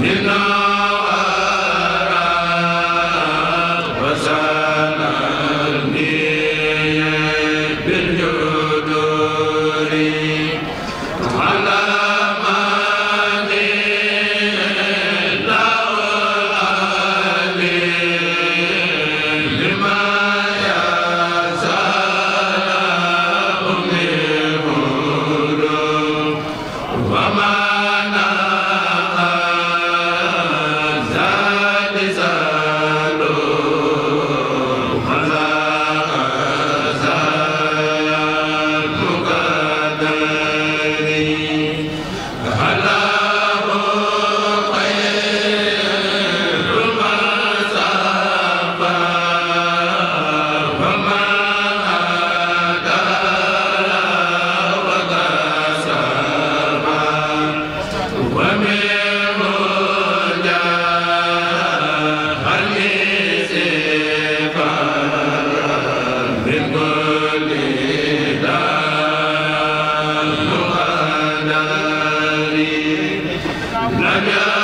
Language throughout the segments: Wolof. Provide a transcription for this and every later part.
Nina la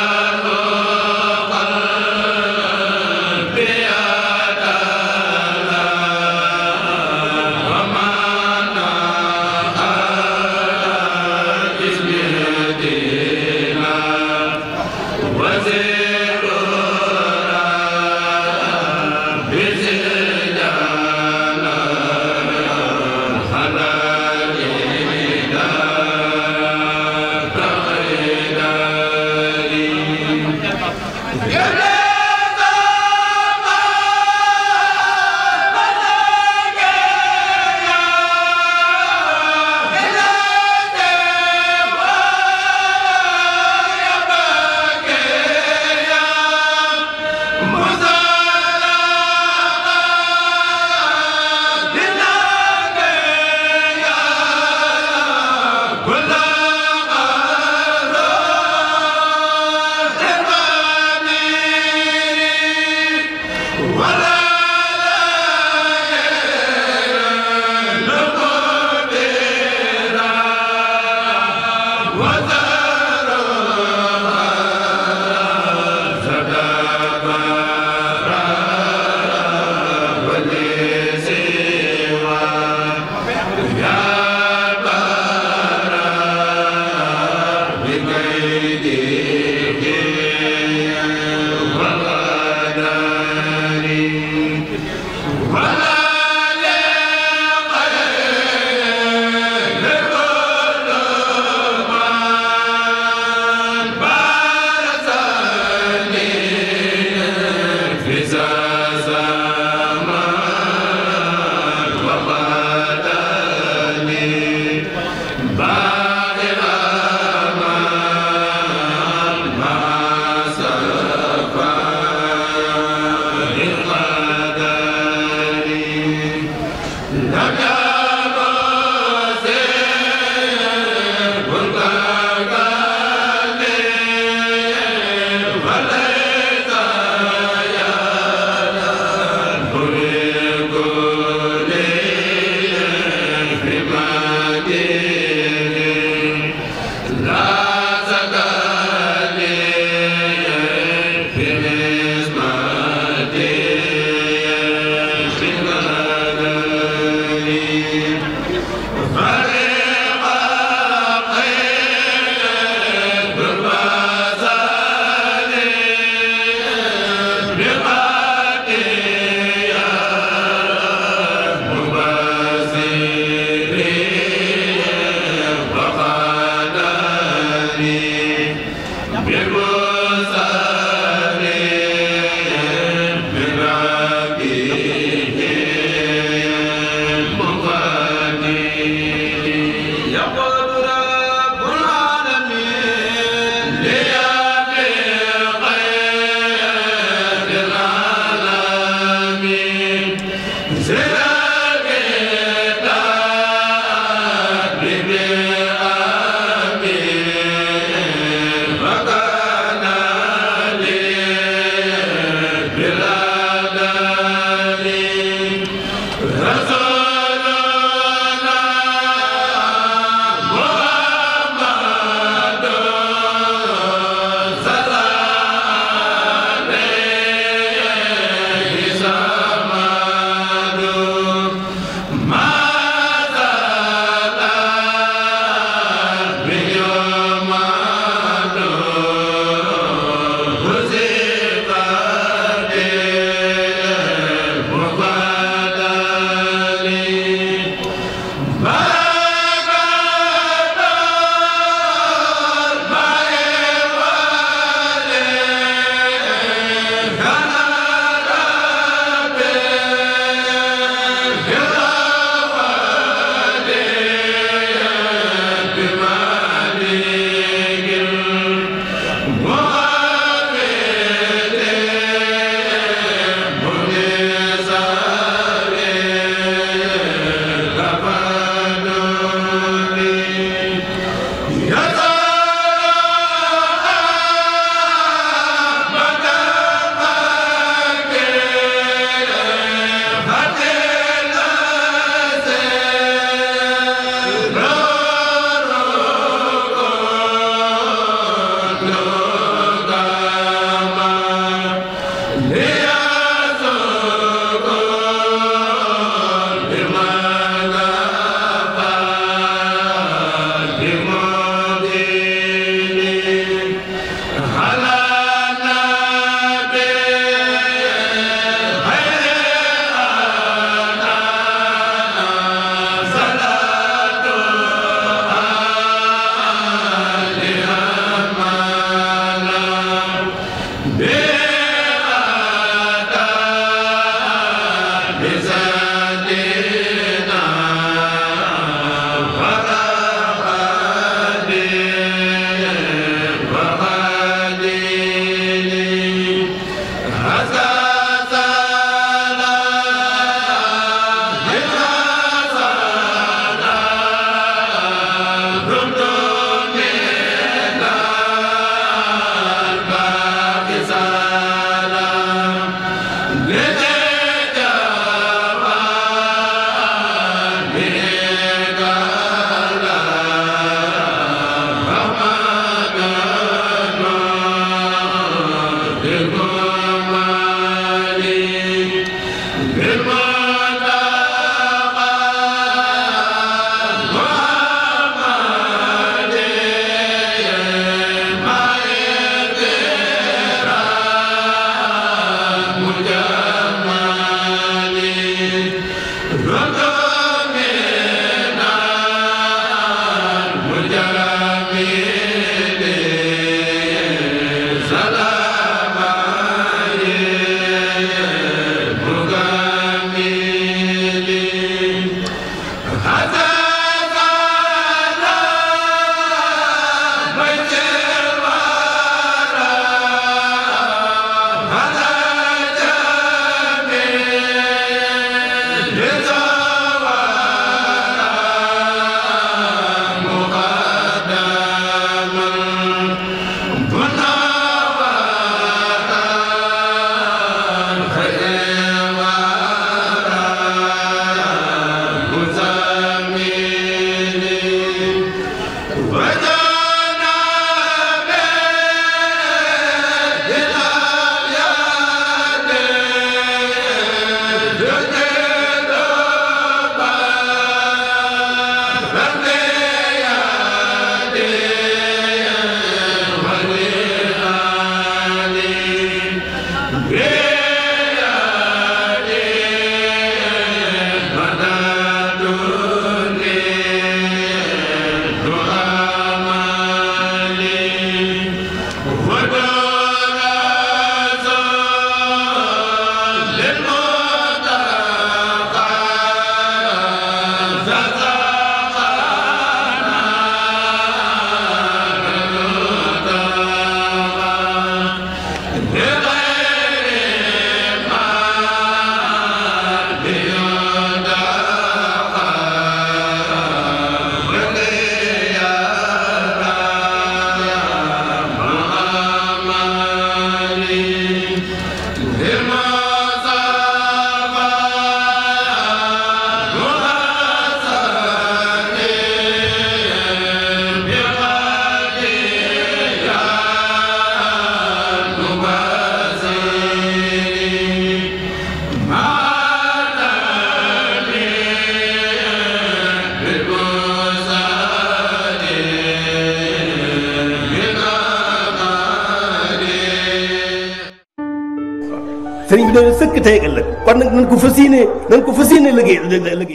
sëriñ bi dana sëkk tey ëllëg kon nag nañ ko fas yéenee nañ ko fas yéenee liggéey liggéey